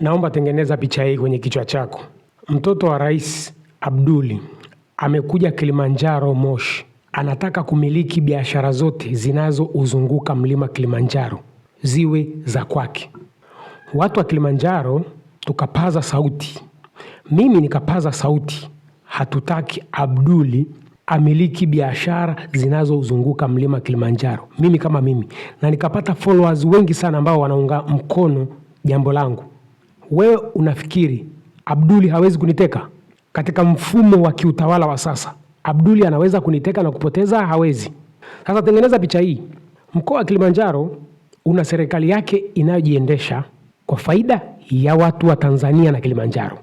Naomba tengeneza picha hii kwenye kichwa chako. Mtoto wa Rais Abduli amekuja Kilimanjaro Moshi, anataka kumiliki biashara zote zinazouzunguka mlima Kilimanjaro ziwe za kwake. Watu wa Kilimanjaro tukapaza sauti, mimi nikapaza sauti, hatutaki Abduli amiliki biashara zinazozunguka mlima Kilimanjaro. Mimi kama mimi, na nikapata followers wengi sana ambao wanaunga mkono jambo langu wewe unafikiri Abduli hawezi kuniteka? Katika mfumo wa kiutawala wa sasa, Abduli anaweza kuniteka na kupoteza? Hawezi. Sasa tengeneza picha hii, mkoa wa Kilimanjaro una serikali yake inayojiendesha kwa faida ya watu wa Tanzania na Kilimanjaro,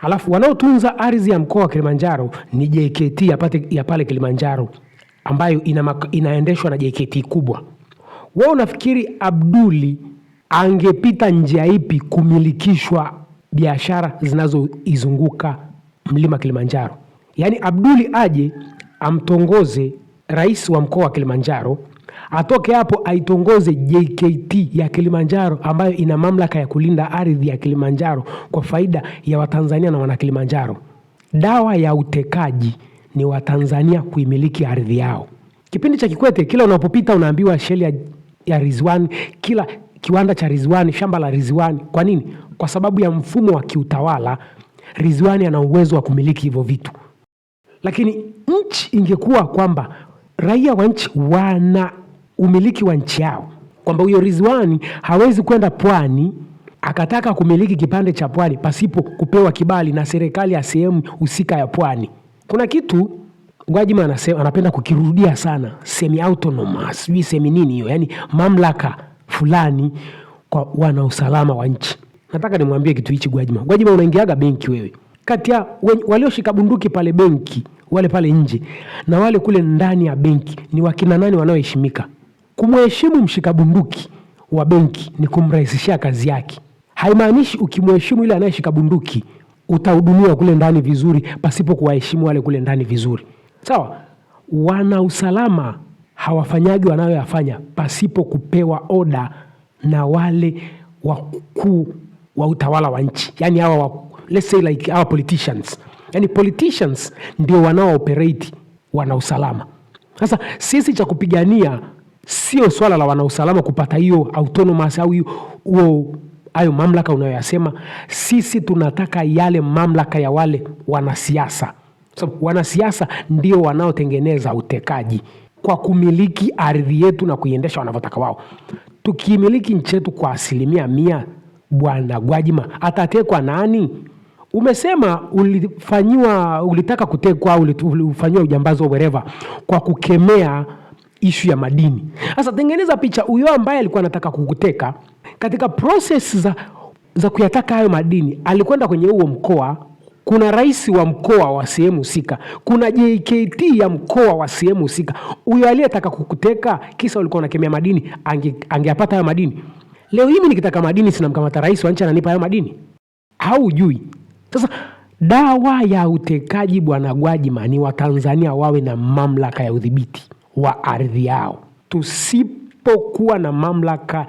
alafu wanaotunza ardhi ya mkoa wa Kilimanjaro ni JKT ya, ya pale Kilimanjaro ambayo ina, inaendeshwa na JKT kubwa. Wewe unafikiri Abduli angepita njia ipi kumilikishwa biashara zinazoizunguka mlima Kilimanjaro? Yaani Abduli aje amtongoze rais wa mkoa wa Kilimanjaro, atoke hapo aitongoze JKT ya Kilimanjaro ambayo ina mamlaka ya kulinda ardhi ya Kilimanjaro kwa faida ya Watanzania na wana Kilimanjaro. Dawa ya utekaji ni Watanzania kuimiliki ardhi yao. Kipindi cha Kikwete, kila unapopita unaambiwa sheli ya Rizwan, kila kiwanda cha Rizwani, shamba la Rizwani. Kwa nini? Kwa sababu ya mfumo wa kiutawala, Rizwani ana uwezo wa kumiliki hivyo vitu. Lakini nchi ingekuwa kwamba raia wa nchi wana umiliki wa nchi yao, kwamba huyo Rizwani hawezi kwenda pwani akataka kumiliki kipande cha pwani pasipo kupewa kibali na serikali ya sehemu husika ya pwani. Kuna kitu Gwajima anasema, anapenda kukirudia sana, semi autonomous, sijui semi nini hiyo, yani mamlaka fulani kwa wana usalama wa nchi. Nataka nimwambie kitu hichi Gwajima. Gwajima, unaingiaga benki wewe, kati ya walioshika bunduki pale benki wale pale nje na wale kule ndani ya benki ni wakina nani wanaoheshimika? Kumheshimu mshika bunduki wa benki ni kumrahisishia kazi yake. Haimaanishi ukimheshimu yule anayeshika bunduki utahudumiwa kule ndani vizuri pasipo kuwaheshimu wale kule ndani vizuri. Sawa, wana usalama hawafanyagi wanayoyafanya pasipo kupewa oda na wale wakuu wa utawala wa nchi, yani hawa let's say like our politicians, yani politicians ndio wanaooperate wana usalama. Sasa sisi cha kupigania sio swala la wanausalama kupata hiyo autonomous au huo hayo mamlaka unayoyasema. Sisi tunataka yale mamlaka ya wale wanasiasa, so, wanasiasa ndio wanaotengeneza utekaji kwa kumiliki ardhi yetu na kuiendesha wanavyotaka wao. Tukimiliki nchi yetu kwa asilimia mia, Bwana Gwajima atatekwa nani? Umesema ulifanyiwa, ulitaka kutekwa, ulifanyiwa ujambazi wereva kwa kukemea ishu ya madini. Sasa tengeneza picha, huyo ambaye alikuwa anataka kukuteka katika proses za, za kuyataka hayo madini alikwenda kwenye huo mkoa kuna rais wa mkoa wa sehemu husika, kuna JKT ya mkoa wa sehemu husika. Huyo aliyetaka kukuteka kisa ulikuwa unakemea madini, angeapata hayo madini. Leo hii nikitaka madini, sinamkamata rais wa nchi ananipa hayo madini? au ujui? sasa dawa ya utekaji bwana Gwajima ni Watanzania wawe na mamlaka ya udhibiti wa ardhi yao. Tusipokuwa na mamlaka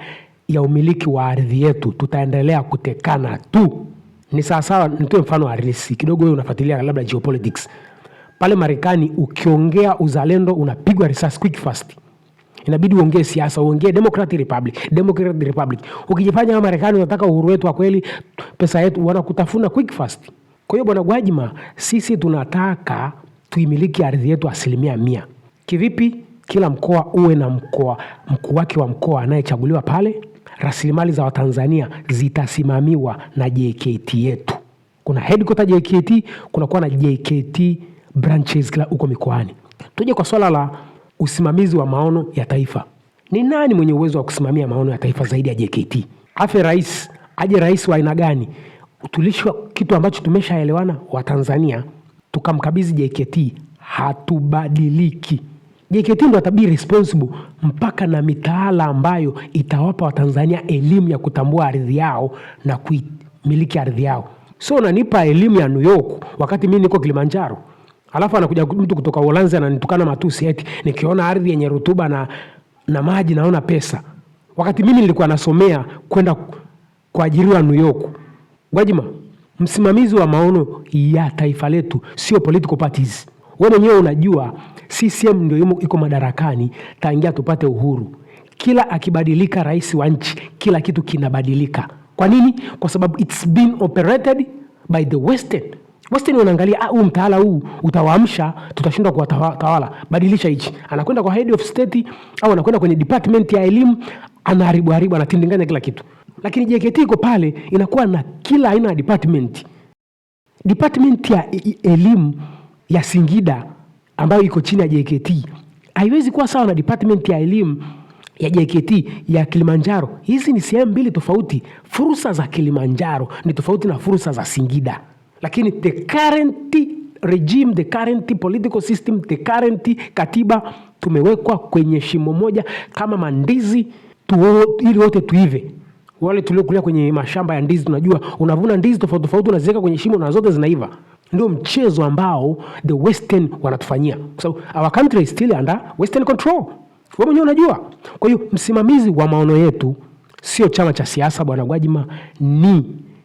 ya umiliki wa ardhi yetu, tutaendelea kutekana tu. Ni sawasawa, nitoe mfano halisi kidogo, wewe unafuatilia labda geopolitics pale Marekani, ukiongea uzalendo unapigwa risasi quick fast. Inabidi uongee siasa, uongee Democratic Republic, Democratic Republic. Ukijifanya Marekani unataka uhuru wetu wa kweli, pesa yetu, wanakutafuna quick fast. Kwa hiyo Bwana Gwajima, sisi tunataka tuimiliki ardhi yetu asilimia mia. Kivipi? Kila mkoa uwe na mkoa mkuu wake wa mkoa anayechaguliwa pale rasilimali za Watanzania zitasimamiwa na JKT yetu. Kuna headquarter JKT, kunakuwa na JKT branches kila huko mikoani. Tuje kwa swala la usimamizi wa maono ya taifa. Ni nani mwenye uwezo wa kusimamia maono ya taifa zaidi ya JKT? Afe rais, aje rais wa aina gani? Tulishwa kitu ambacho tumeshaelewana Watanzania, tukamkabidhi JKT, hatubadiliki. JKT ndo atabi responsible mpaka na mitaala ambayo itawapa Watanzania elimu ya kutambua ardhi yao na kuimiliki ardhi yao. So unanipa elimu ya New York wakati mimi niko Kilimanjaro, alafu anakuja mtu kutoka Uholanzi ananitukana matusi eti nikiona ardhi yenye rutuba na, na maji naona pesa, wakati mimi nilikuwa nasomea kwenda kuajiriwa New York. Gwajima, msimamizi wa maono ya taifa letu sio political parties we mwenyewe unajua CCM ndio iko madarakani tangia tupate uhuru. Kila akibadilika rais wa nchi, kila kitu kinabadilika. Kwa nini? Kwa sababu it's been operated by the western Western wanaangalia ah, huu mtaala huu utawaamsha, tutashindwa kuwatawala, badilisha hichi. Anakwenda kwa head of state au anakwenda kwenye department ya elimu, anaharibu haribu, anatindinganya kila kitu. Lakini JKT iko pale, inakuwa na kila aina ya department. Department ya e-, e-, elimu ya Singida ambayo iko chini ya JKT haiwezi kuwa sawa na department ya elimu ya JKT ya Kilimanjaro. Hizi ni sehemu mbili tofauti. Fursa za Kilimanjaro ni tofauti na fursa za Singida, lakini the current regime, the current political system, the current katiba, tumewekwa kwenye shimo moja kama mandizi tu, ili wote tuive. Wale tuliokulia kwenye mashamba ya ndizi tunajua unavuna ndizi tofauti tofauti, unaziweka kwenye shimo na zote zinaiva ndio mchezo ambao the western wanatufanyia kwa sababu our country is still under western control. Wewe mwenyewe unajua. Kwa hiyo msimamizi wa maono yetu sio chama cha siasa, bwana Gwajima, ni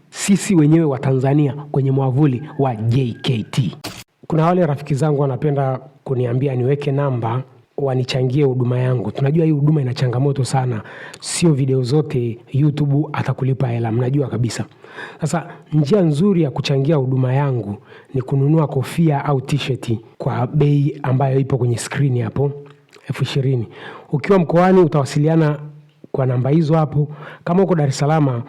sisi wenyewe wa Tanzania kwenye mwavuli wa JKT. Kuna wale rafiki zangu wanapenda kuniambia niweke namba wanichangie huduma yangu. Tunajua hii huduma ina changamoto sana, sio video zote YouTube atakulipa hela, mnajua kabisa. Sasa njia nzuri ya kuchangia huduma yangu ni kununua kofia au t-shirt kwa bei ambayo ipo kwenye skrini hapo, elfu ishirini. Ukiwa mkoani utawasiliana kwa namba hizo hapo. Kama uko Dar es Salaam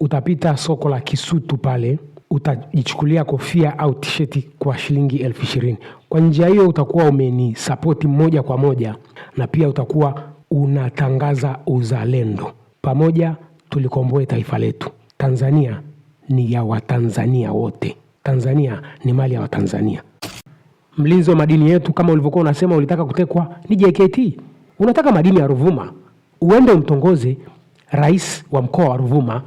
utapita soko la Kisutu pale utajichukulia kofia au tisheti kwa shilingi elfu ishirini. Kwa njia hiyo utakuwa umenisapoti moja kwa moja, na pia utakuwa unatangaza uzalendo. Pamoja tulikomboe taifa letu. Tanzania ni ya Watanzania wote. Tanzania ni mali ya Watanzania. Mlinzi wa madini yetu, kama ulivyokuwa unasema ulitaka kutekwa, ni JKT. Unataka madini ya Ruvuma, uende umtongoze rais wa mkoa wa Ruvuma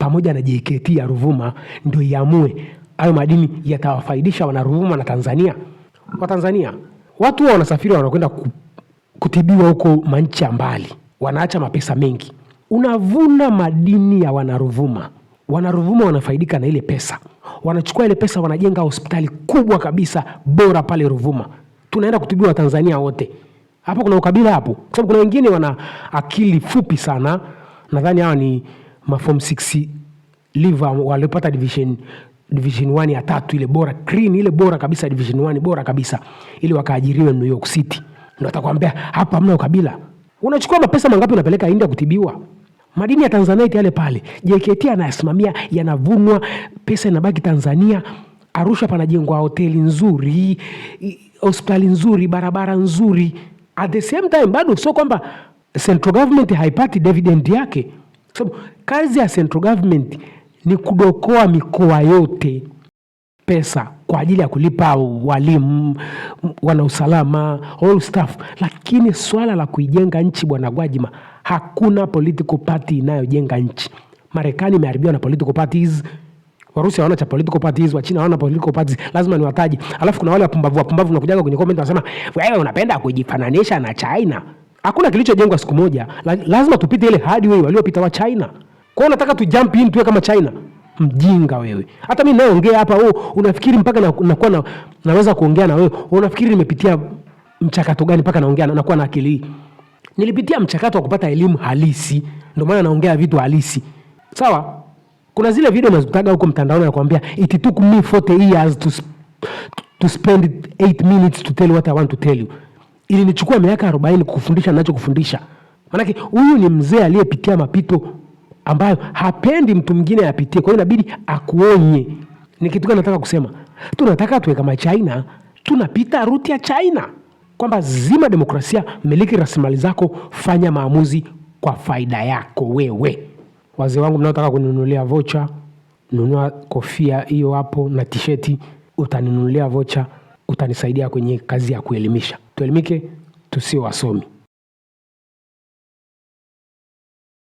pamoja na JKT ya Ruvuma ndio iamue hayo madini yatawafaidisha wana Ruvuma na Tanzania. Kwa Tanzania watu wa wanasafiri wanakwenda kutibiwa huko manchi ya mbali, wanaacha mapesa mengi. Unavuna madini ya wanaruvuma, wanaruvuma wanafaidika na ile pesa, wanachukua ile pesa, wanajenga hospitali kubwa kabisa bora pale Ruvuma, tunaenda kutibiwa Tanzania wote. Hapo kuna ukabila hapo, kwa sababu kuna wengine wana akili fupi sana. Nadhani hawa ni ma form 6 live walipata division division 1 ya tatu ile bora clean ile bora kabisa division 1 bora kabisa, ili wakaajiriwe New York City. Ndio atakwambia hapa hamna ukabila. Unachukua mapesa mangapi unapeleka India kutibiwa? Madini ya Tanzanite yale pale JKT anayasimamia, yanavunwa, pesa inabaki Tanzania. Arusha panajengwa hoteli nzuri, hospitali nzuri, barabara nzuri. At the same time bado sio kwamba central government haipati dividend yake sababu kazi ya central government ni kudokoa mikoa yote pesa kwa ajili ya kulipa walimu, wanausalama, all staff, lakini swala la kuijenga nchi, bwana Gwajima, hakuna political party inayojenga nchi. Marekani imeharibiwa na political parties, Warusi hawana cha political parties, Wachina hawana political parties, lazima niwataje. Alafu kuna wale wapumbavu wapumbavu, unakujaga kwenye comment wanasema wewe unapenda kujifananisha na China. Hakuna kilichojengwa siku moja, la, lazima tupite ile hardware waliopita wa China. Kwa hiyo nataka tu jump in tuwe kama China? Mjinga wewe! Hata mimi naongea hapa, oh, unafikiri mpaka nakuwa na, naweza kuongea na wewe? Unafikiri nimepitia mchakato gani mpaka naongea na nakuwa na akili hii? Nilipitia mchakato wa kupata elimu halisi, ndio maana naongea vitu halisi, sawa? Kuna zile video nazitaga huko mtandaoni nakwambia, it took me 40 years to, to spend 8 minutes to tell what I want to tell you ilinichukua miaka arobaini kukufundisha nachokufundisha. Maanake huyu ni mzee aliyepitia mapito ambayo hapendi mtu mwingine apitie, kwao inabidi akuonye. Ni kitu gani nataka kusema? Tunataka tuwe kama China, tunapita ruti ya China kwamba zima demokrasia, miliki rasilimali zako, fanya maamuzi kwa faida yako wewe. Wazee wangu mnaotaka kuninunulia vocha, nunua kofia hiyo hapo na tisheti, utaninunulia vocha, utanisaidia kwenye kazi ya kuelimisha tuelimike tusio wasomi.